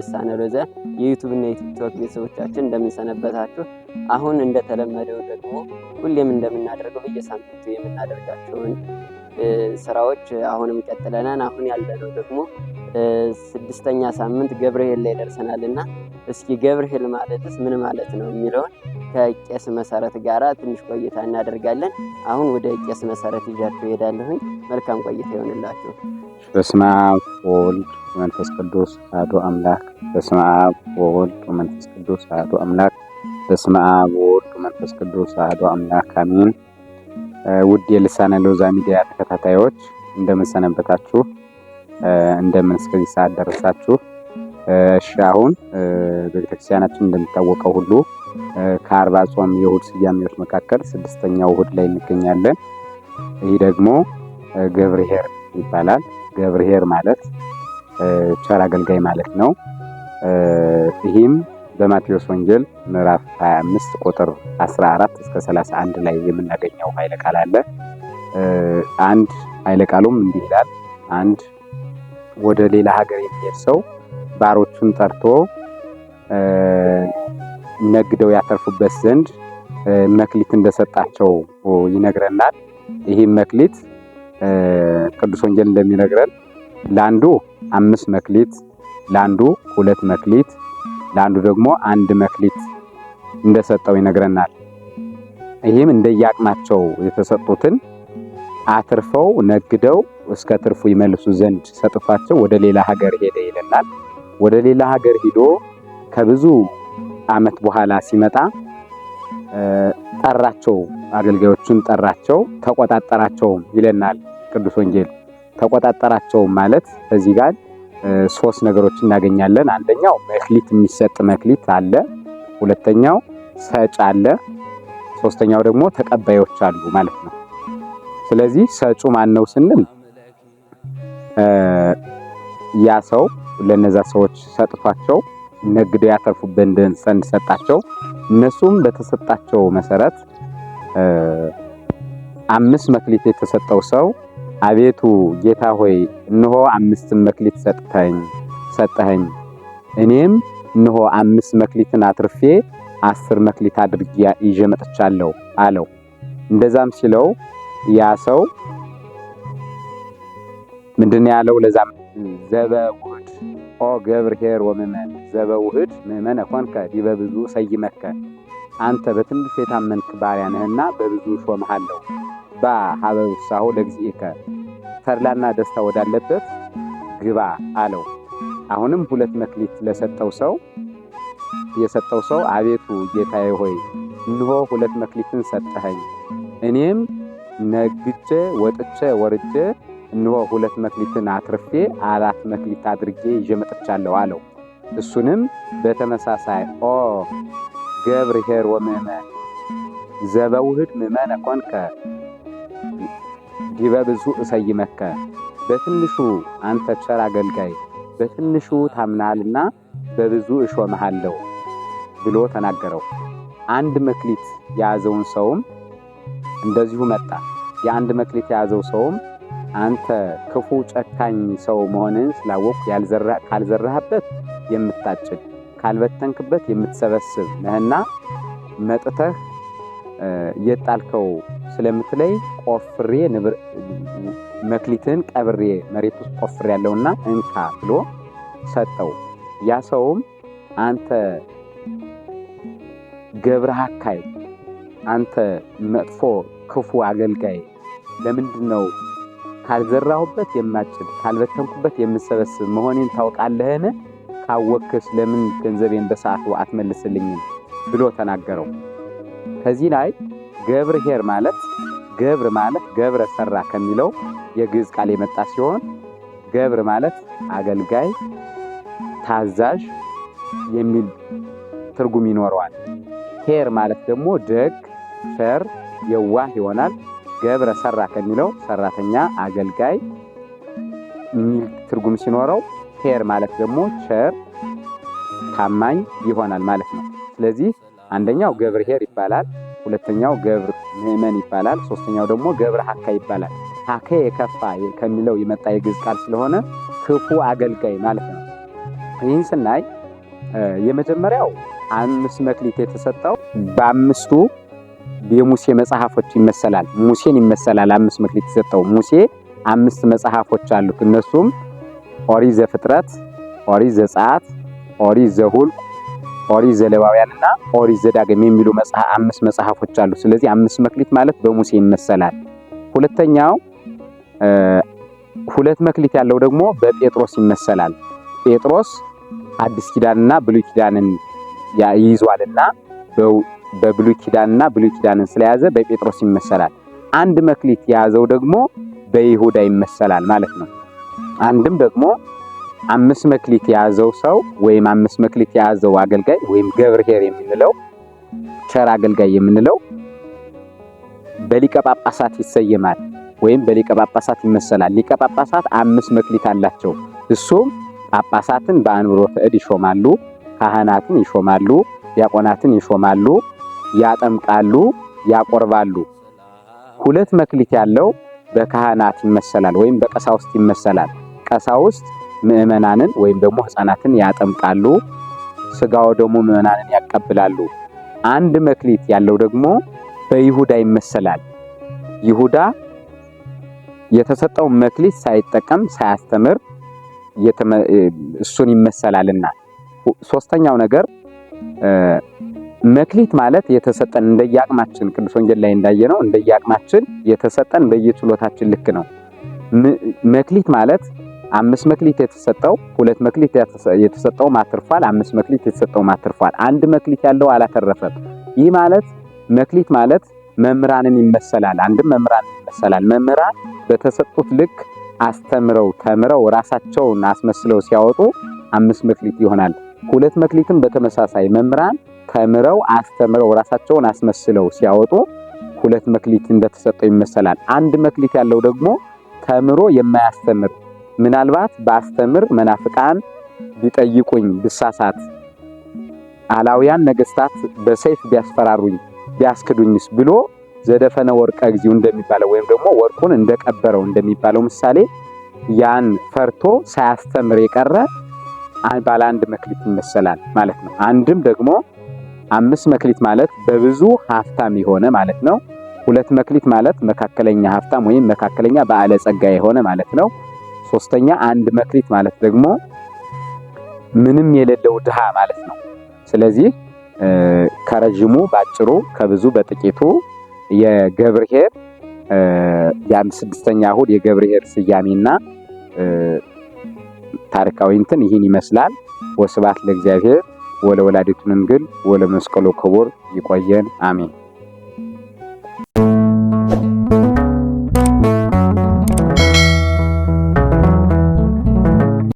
ልሳነ ሎዛ የዩቱብ እና የቲክቶክ ቤተሰቦቻችን እንደምንሰነበታችሁ። አሁን እንደተለመደው ደግሞ ሁሌም እንደምናደርገው በየሳምንቱ የምናደርጋቸውን ስራዎች አሁንም ቀጥለናል። አሁን ያለነው ደግሞ ስድስተኛ ሳምንት ገብርሄል ላይ ደርሰናል እና እስኪ ገብርሄል ማለትስ ምን ማለት ነው የሚለውን ከቄስ መሰረት ጋር ትንሽ ቆይታ እናደርጋለን። አሁን ወደ ቄስ መሰረት ይዣችሁ እሄዳለሁኝ። መልካም ቆይታ ይሆንላችሁ። በስመ አብ ወወልድ ወመንፈስ ቅዱስ አሐዱ አምላክ። በስመ አብ ወወልድ ወመንፈስ ቅዱስ አሐዱ አምላክ። በስመ አብ ወወልድ ወመንፈስ ቅዱስ አሐዱ አምላክ አሜን። ውድ የልሳነ ሎዛ ሚዲያ ተከታታዮች እንደምንሰነበታችሁ፣ እንደምን እስከዚህ ሰዓት ደረሳችሁ? እሺ አሁን ቤተክርስቲያናችን እንደሚታወቀው ሁሉ ከአርባ ጾም የእሁድ ስያሜዎች መካከል ስድስተኛው እሁድ ላይ እንገኛለን። ይህ ደግሞ ገብርሄር ይባላል። ገብርሄር ማለት ቸር አገልጋይ ማለት ነው። ይህም በማቴዎስ ወንጌል ምዕራፍ 25 ቁጥር 14 እስከ 31 ላይ የምናገኘው ኃይለ ቃል አለ። አንድ ኃይለ ቃሉም እንዲህ ይላል። አንድ ወደ ሌላ ሀገር የሚሄድ ሰው ባሮቹን ጠርቶ ነግደው ያተርፉበት ዘንድ መክሊት እንደሰጣቸው ይነግረናል። ይህም መክሊት ቅዱስ ወንጌል እንደሚነግረን ለአንዱ አምስት መክሊት፣ ለአንዱ ሁለት መክሊት፣ ለአንዱ ደግሞ አንድ መክሊት እንደሰጠው ይነግረናል። ይህም እንደየአቅማቸው የተሰጡትን አትርፈው ነግደው እስከ ትርፉ ይመልሱ ዘንድ ሰጥቷቸው ወደ ሌላ ሀገር ሄደ ይለናል። ወደ ሌላ ሀገር ሂዶ ከብዙ ዓመት በኋላ ሲመጣ ጠራቸው፣ አገልጋዮቹን ጠራቸው፣ ተቆጣጠራቸውም ይለናል ቅዱስ ወንጌል። ተቆጣጠራቸውም ማለት ከዚህ ጋር ሶስት ነገሮች እናገኛለን። አንደኛው መክሊት የሚሰጥ መክሊት አለ። ሁለተኛው ሰጭ አለ። ሶስተኛው ደግሞ ተቀባዮች አሉ ማለት ነው። ስለዚህ ሰጩ ማን ነው ስንል ያ ሰው ለነዛ ሰዎች ሰጥቷቸው ነግደው ያተርፉበት ዘንድ ሰጣቸው። እነሱም በተሰጣቸው መሰረት አምስት መክሊት የተሰጠው ሰው አቤቱ ጌታ ሆይ እነሆ አምስት መክሊት ሰጥተኝ ሰጠኸኝ እኔም እነሆ አምስት መክሊትን አትርፌ አስር መክሊት አድርጌ ይዤ መጥቻለሁ አለው። እንደዛም ሲለው ያ ሰው ምንድን ያለው ለዛም ዘበውህድ ኦ ገብር ኄር ወምእመን ዘበውህድ ምእመነ ኮንከ ዲበ ብዙ ሰይመከ አንተ በትንሽ የታመንክ ባሪያ ነህና በብዙ ሾምሃለሁ። ባ ሀበ ውሳሁ ለግዚእከ ተድላና ደስታ ወዳለበት ግባ አለው። አሁንም ሁለት መክሊት ለሰጠው ሰው የሰጠው ሰው አቤቱ ጌታዬ ሆይ እንሆ ሁለት መክሊትን ሰጠኸኝ እኔም ነግቼ ወጥቼ ወርጄ እንሆ ሁለት መክሊትን አትርፌ አራት መክሊት አድርጌ ይዤ መጥቻለሁ አለው። እሱንም በተመሳሳይ ኦ ገብር ገብርኄር ወምእመን ዘበውህድ ምእመነ ኮንከ ዲበ ብዙ እሰይመከ በትንሹ አንተ ቸር አገልጋይ በትንሹ ታምናልና በብዙ እሾምሃለሁ ብሎ ተናገረው። አንድ መክሊት የያዘውን ሰውም እንደዚሁ መጣ። የአንድ መክሊት የያዘው ሰውም አንተ ክፉ ጨካኝ ሰው መሆንን ስላወቅሁ ካልዘራህበት የምታጭድ ካልበተንክበት የምትሰበስብ ነህና መጥተህ የጣልከው ስለምትለይ ቆፍሬ መክሊትን ቀብሬ መሬት ውስጥ ቆፍሬ ያለውና እንካ ብሎ ሰጠው። ያ ሰውም አንተ ገብረ አካይ፣ አንተ መጥፎ ክፉ አገልጋይ ለምንድን ነው ካልዘራሁበት የማጭድ ካልበተንኩበት የምሰበስብ መሆኔን ታውቃለህን? ካወክስ ለምን ገንዘቤን በሰዓቱ አትመልስልኝም? ብሎ ተናገረው። ከዚህ ላይ ገብር ሄር ማለት ገብር ማለት ገብረ ሰራ ከሚለው የግዕዝ ቃል የመጣ ሲሆን ገብር ማለት አገልጋይ፣ ታዛዥ የሚል ትርጉም ይኖረዋል። ሄር ማለት ደግሞ ደግ፣ ፈር የዋህ ይሆናል። ገብረ ሰራ ከሚለው ሰራተኛ አገልጋይ የሚል ትርጉም ሲኖረው ሄር ማለት ደግሞ ቸር ታማኝ ይሆናል ማለት ነው። ስለዚህ አንደኛው ገብር ሄር ይባላል። ሁለተኛው ገብር ምዕመን ይባላል። ሶስተኛው ደግሞ ገብር ሀካ ይባላል። ሀከ የከፋ ከሚለው የመጣ የግዕዝ ቃል ስለሆነ ክፉ አገልጋይ ማለት ነው። ይህን ስናይ የመጀመሪያው አምስት መክሊት የተሰጠው በአምስቱ የሙሴ መጽሐፎች ይመሰላል። ሙሴን ይመሰላል። አምስት መክሊት የተሰጠው ሙሴ አምስት መጽሐፎች አሉት። እነሱም ኦሪ ዘፍጥረት፣ ኦሪት ዘጸአት፣ ኦሪት ዘሁልቅ፣ ኦሪት እና ኦሪ ዘዳግም የሚሉ አምስት መጽሐፎች አሉት። ስለዚህ አምስት መክሊት ማለት በሙሴ ይመሰላል። ሁለተኛው ሁለት መክሊት ያለው ደግሞ በጴጥሮስ ይመሰላል። ጴጥሮስ አዲስ ኪዳንና ብሉይ ኪዳንን ይዟልና። በብሉይ ኪዳንና ብሉይ ኪዳንን ስለያዘ በጴጥሮስ ይመሰላል። አንድ መክሊት የያዘው ደግሞ በይሁዳ ይመሰላል ማለት ነው። አንድም ደግሞ አምስት መክሊት የያዘው ሰው ወይም አምስት መክሊት የያዘው አገልጋይ ወይም ገብርሄር የምንለው ቸር አገልጋይ የምንለው በሊቀ ጳጳሳት ይሰየማል ወይም በሊቀ ጳጳሳት ይመሰላል። ሊቀ ጳጳሳት አምስት መክሊት አላቸው። እሱም ጳጳሳትን በአንብሮተ እድ ይሾማሉ፣ ካህናትን ይሾማሉ፣ ዲያቆናትን ይሾማሉ፣ ያጠምቃሉ፣ ያቆርባሉ። ሁለት መክሊት ያለው በካህናት ይመሰላል ወይም በቀሳውስት ይመሰላል። ቀሳውስት ምእመናንን ወይም ደግሞ ሕፃናትን ያጠምቃሉ፣ ስጋው ደግሞ ምእመናንን ያቀብላሉ። አንድ መክሊት ያለው ደግሞ በይሁዳ ይመሰላል። ይሁዳ የተሰጠውን መክሊት ሳይጠቀም ሳያስተምር እሱን ይመሰላልና ሶስተኛው ነገር መክሊት ማለት የተሰጠን እንደየአቅማችን ቅዱስ ወንጌል ላይ እንዳየነው እንደየአቅማችን የተሰጠን በየችሎታችን ልክ ነው። መክሊት ማለት አምስት መክሊት የተሰጠው ሁለት መክሊት የተሰጠው ማትርፏል፣ አምስት መክሊት የተሰጠው ማትርፏል፣ አንድ መክሊት ያለው አላተረፈም። ይህ ማለት መክሊት ማለት መምህራንን ይመሰላል። አንድም መምህራንን ይመሰላል። መምህራን በተሰጡት ልክ አስተምረው ተምረው ራሳቸውን አስመስለው ሲያወጡ አምስት መክሊት ይሆናል። ሁለት መክሊትም በተመሳሳይ መምህራን ተምረው አስተምረው ራሳቸውን አስመስለው ሲያወጡ ሁለት መክሊት እንደተሰጠው ይመሰላል። አንድ መክሊት ያለው ደግሞ ተምሮ የማያስተምር ምናልባት በአስተምር መናፍቃን ቢጠይቁኝ ብሳሳት፣ አላውያን ነገስታት በሰይፍ ቢያስፈራሩኝ ቢያስክዱኝስ ብሎ ዘደፈነ ወርቀ እግዚኡ እንደሚባለው ወይም ደግሞ ወርቁን እንደቀበረው እንደሚባለው ምሳሌ ያን ፈርቶ ሳያስተምር የቀረ ባለ አንድ መክሊት ይመሰላል ማለት ነው። አንድም ደግሞ አምስት መክሊት ማለት በብዙ ሀብታም የሆነ ማለት ነው። ሁለት መክሊት ማለት መካከለኛ ሀብታም ወይም መካከለኛ ጸጋ የሆነ ማለት ነው። ሶስተኛ አንድ መክሊት ማለት ደግሞ ምንም የሌለው ድሃ ማለት ነው። ስለዚህ ከረዥሙ ባጭሩ ከብዙ በጥቂቱ የአንድ ስድስተኛ እሁድ የገብርሄር ስያሜና ታሪካዊ እንትን ይህን ይመስላል። ወስብሐት ለእግዚአብሔር። ወለ ወላዲቱ ድንግል ወለ መስቀሉ ክቡር ይቆየን፣ አሜን።